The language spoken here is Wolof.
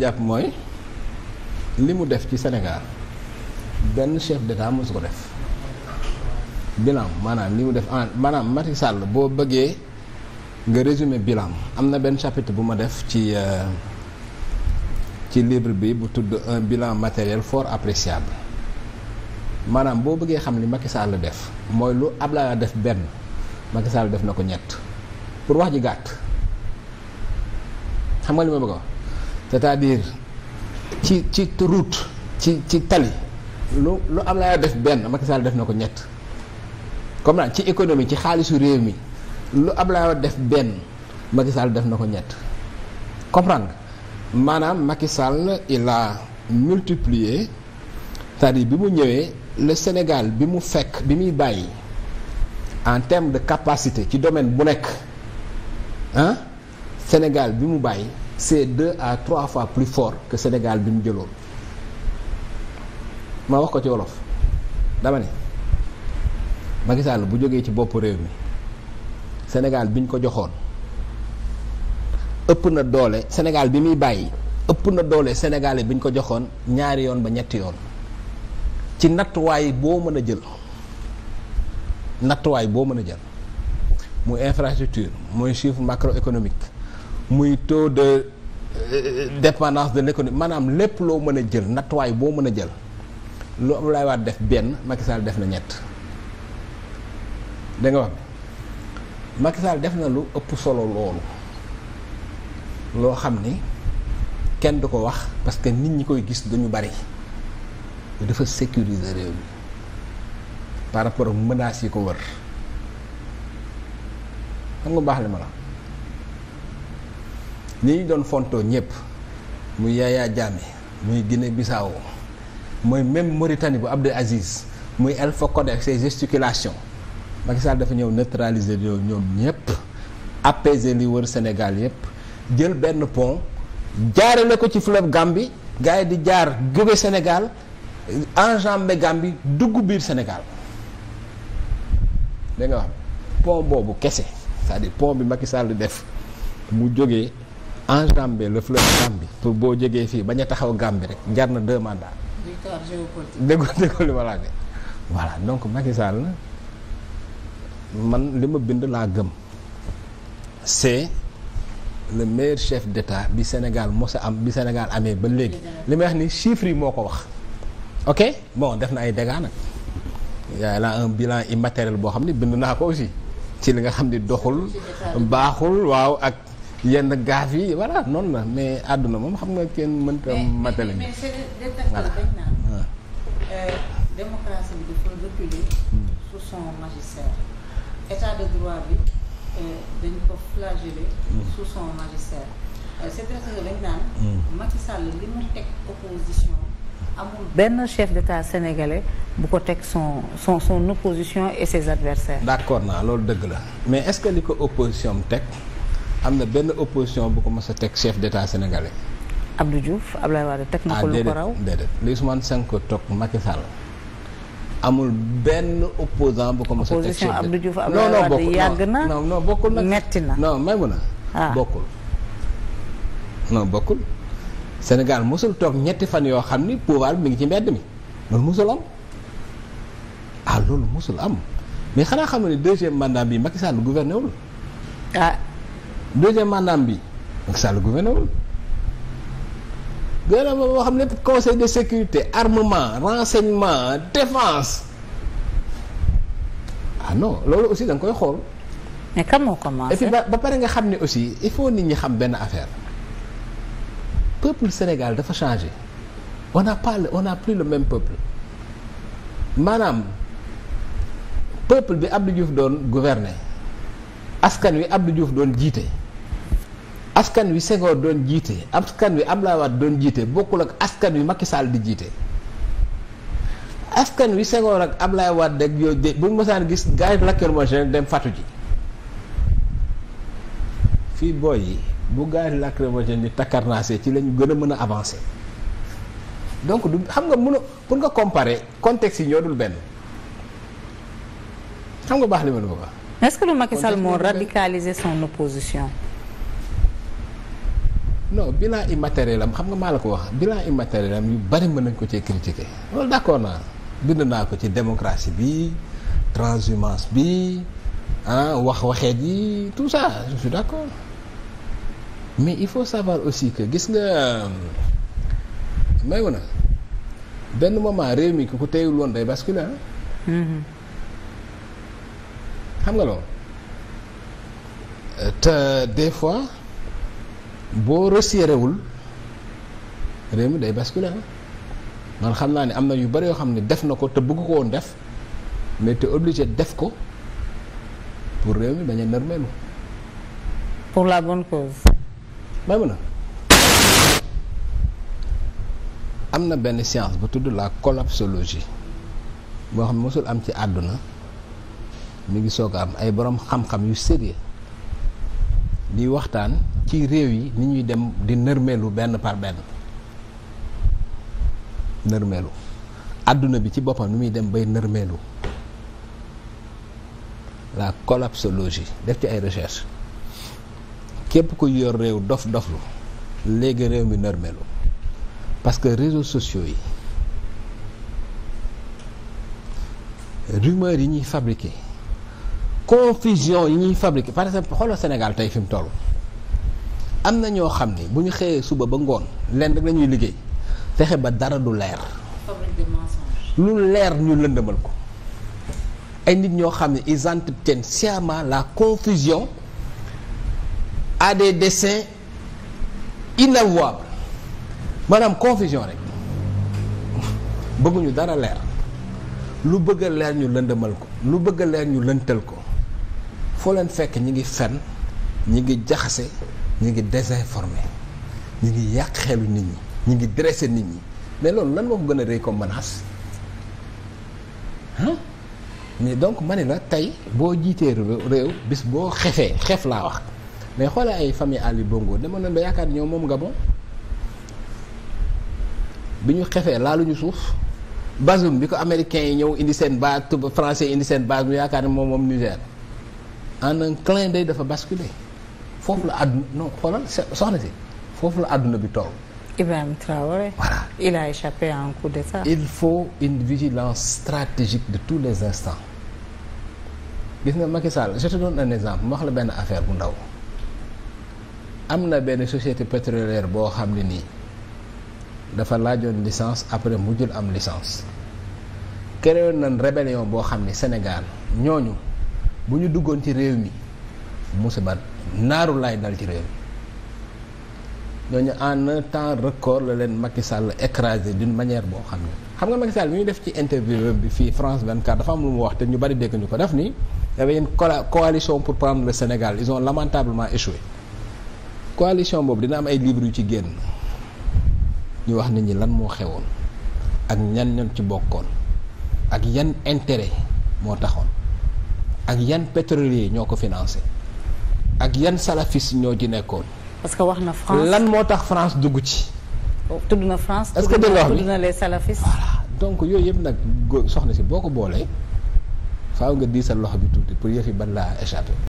jàpp mooy li mu def ci Sénégal benn chef d'état mosu ko def bilan maanaam li mu def en maanaam Macky Sall boo bëggee nga résumé bilan am na benn chapitre bu ma def ci euh, ci livre bi bu tudd un bilan matériel fort appréciable maanaam boo bëggee xam li Macky Sall def mooy lu Abdoulaye def benn Macky Sall def na ko ñett pour wax ji gàtt xam nga li ma bëgg a c'est-à-dire ci ci route ci ci tali lu lu am laa def benn makisal def na ko ñett comme naan ci économie ci xaalisu réew mi lu Ablaye def benn makisal def na ko ñett comprendre maanaam Macky Sall il a bi mu ñëwee le Sénégal bi mu fekk bi muy bàyyi en terme de capacité ci domaine bu nekk ah Sénégal bi mu bàyyi. c'est de à trois fois plus fort que Sénégal bi mu jëloon ma wax ko ci wolof dama ne Macky bu jógee ci bopp réew mi Sénégal bi ñu ko joxoon ëpp na doole Sénégal bi muy bàyyi ëpp na doole Sénégalais bi ñu ko joxoon ñaari yoon ba ñetti yoon ci nattuwaay boo mën a jël nattuwaay boo mën a jël muy infrastructure muy chiffre macroéconomique muy taux de euh, dépendance de l'économie maanaam lépp loo mën a jël nattuwaay boo mën a jël lu Abdoulaye Wade def benn Macky def na ñett da nga wax bi def na lu ëpp solo loolu loo xam ni kenn du ko wax parce que nit ñi koy gis dañu bari dafa sécuriser réew mi par rapport ak menaces yi ko wër xam nga baax li ma li ñu doon fontoo ñëpp muy Yaya Jammeh muy Guinée Bissau mooy même Mauritanie bu Abdel Aziz muy Alpha Condé ak ses gesticulations dafa ñëw neutraliser yooyu ñoom ñëpp apaiser li wër Sénégal yëpp jël benn pont jaarale ko ci fleuve Gambie gars yi di jaar jóge Sénégal enjambé Gambie dugg biir Sénégal da nga wax pont boobu kese cest à pont bi Macky Sall def mu jóge enjamber le fleuve Gambie pour boo jógee fii bañ a taxaw Gambie rek jar na deux mandats. victoire déggoo déggoo li ma la wax voilà donc Macky Sall man li ma bind laa gëm c'est le meilleur chef d'État bi Sénégal mos a am bi Sénégal amee ba léegi. li may wax ni chiffres moo ko wax. ok bon def na ay dégâts nag. yaa la un bilan immatériel boo xam ne bind naa ko aussi ci li nga xam ni doxul baaxul waaw ak. yenn gaaf yi voilà noonu la mais àdduna moom xam nga kenn mënta matale mais euh, démocratie bi dafa hmm. son magistère état de droit bi euh, dañ ko flageller hmm. sous son magistère euh, c'est vrai dañ naan hmm. Macky li mu teg opposition amul benn chef d'état sénégalais bu ko teg son son son opposition et ses adversaires d'accord naa loolu dëgg la mais est-ce que li ko opposition teg am na benn opposition bu ko mës a teg chef d'état sénégalais. Abdou Diouf Abdoulaye Wade teg na ko ah, lu ko raw déedéet li Ousmane Sonko toog Macky Sall amul benn opposant bu ko mës a teg chef Abdou Diouf Abdoulaye Wade yàgg na non non bokkul nag metti na non may mun a ah. bokkul non bokkul Sénégal mosul toog ñetti fan yoo xam ni pouvoir bi mi ngi ci mbedd mi loolu mosul am ah loolu mosul am mais xanaa xam ne deuxième mandat bi Macky Sall gouverné wul ah deuxième mandat bi Macky Sall gouverné wul gouvernement boo xam ne lépp conseil de sécurité armement renseignement défense ah non loolu aussi da koy xool. mais kan ba pare nga xam ne aussi il faut nit ñi xam benn affaire peuple Sénégal dafa changé on n'a pas on n'a plus le même peuple maanaam peuple bi Abdou Diouf doon gouverner askan wi Abdou Diouf doon jiite. askan wi Senghor doon jiite askan wi Abdoulaye Wade doon jiite bokkul ak askan wi Macky Sall di jiite askan wi Senghor ak Abdoulaye Wade ak yooyu de buñ mosaan gis gars yi lacrymogène dem fatu ji fii booy yi bu gars yi lacrymogène yi takkarnaase ci lañu gën a mën a avancer donc du xam nga mën a pour nga comparer contexte yi ñoo dul benn xam nga baax li ma la ko wax. est-ce que le Macky moo radicaliser son opposition. non bilan immatériel am xam nga maa la ko wax bilan immatériel am yu bari mën nañ ko cee critiquer loolu d'accord naa bind naa ko ci démocratie bi transhumance bi ah wax waxeet yi tout ça je suis d'accord mais il faut savoir aussi que gis nga may wu benn moment réew mi ku ko teewul woon day basculer ah. mm-hmm. xam nga loolu euh, te des fois boo resserré wul réew mi day basculé ah. man xam naa ne am na yu bari yoo xam ne def na ko te bëgg ko woon def mais te obligé def ko pour réew mi bañ a nërmeelu pour la bonne cause. may mun a am na benn science bu tudd la collapsologie boo xam ne mosul am ci àdduna mu ngi soog a am ay boroom xam-xam yu sérieux di waxtaan ci réew yi ni ñuy dem di nërmeelu benn par benn nërmeelu àdduna bi ci boppam ni muy dem bay nërmeelu la collapsologie def ci ay recherche képp ku yor réew dof doflu léegi réew mi nërmeelu parce que réseaux sociaux yi rumeurs yi ñuy fabriquer confusion yi ñuy fabriquer par exemple xoolal Sénégal tey fi mu toll am na ñoo xam ni bu ñu xëyee suba ba ngoon lenn rek ñuy liggéey fexe ba dara du leer. lu leer ñu lëndëmal ko ay nit ñoo xam ne ils ten sciemment la confusion à des desseins inavouables manaam confusion rek bëgguñu dara leer lu bëgg leer ñu lëndëmal ko lu bëgg a leer ñu lëntal ko foo leen fekk ñi ngi fen ñi ngi jaxase ñi ngi désinformé ñi ngi yàq xelu nit ñi ñi ngi dressé nit ñi mais loolu lan moo ko gën a rëy mais donc ma ne la tey boo jiitee réew bis boo xefee xef laa wax mais xoolee ay famille Ali Bongo demoon nañ ba yaakaar ñoom moom Gabon bi ñu xefee ñu suuf Bazoum bi ko américains yi ñëw indi seen base français indi seen base mu yaakaar ne moom moom Niger. en un clin d'œil dafa basculer foofu la àdduna non si foofu la àdduna bi toll. Ibrahima Traoré. voilà il a échappé à faut une vigilance stratégique de tous les instants gis nga Macky Sall je te donne un exemple ma wax la benn affaire bu ndaw am na benn société pétrolière boo xam ne nii dafa laajoon licence après mujjul am licence créé na rébellion boo xam ne Sénégal ñooñu. bu ñu duggoon ci réew mi musiba naaru laay dal ci réew mi ñooñu en un temps record la leen Macky Sall écrasé d'une manière boo xam ne xam nga Macky Sall bi ñu def ci interview bi fii France 24 dafa am lu mu wax te ñu bari dégg ñu ko def ni y avait une coalition pour prendre le Sénégal ils ont lamentablement échoué coalition boobu dina am ay livres yu ci génn ñu wax nit ñi lan moo xewoon ak ñan ñan ci bokkoon ak yan intérêt moo taxoon ak yan pétrolier ñoo ko financé ak yan salafis ñoo ci nekkoon. parce que wax na France lan moo tax France dugg ci. Oh, tudd na France. est-ce que dégg nga wax les salafis. voilà donc yooyu yëpp nag soxna si boo ko boolee faaw nga diisal loxo bi tuuti pour yëf yi ban laa échappé.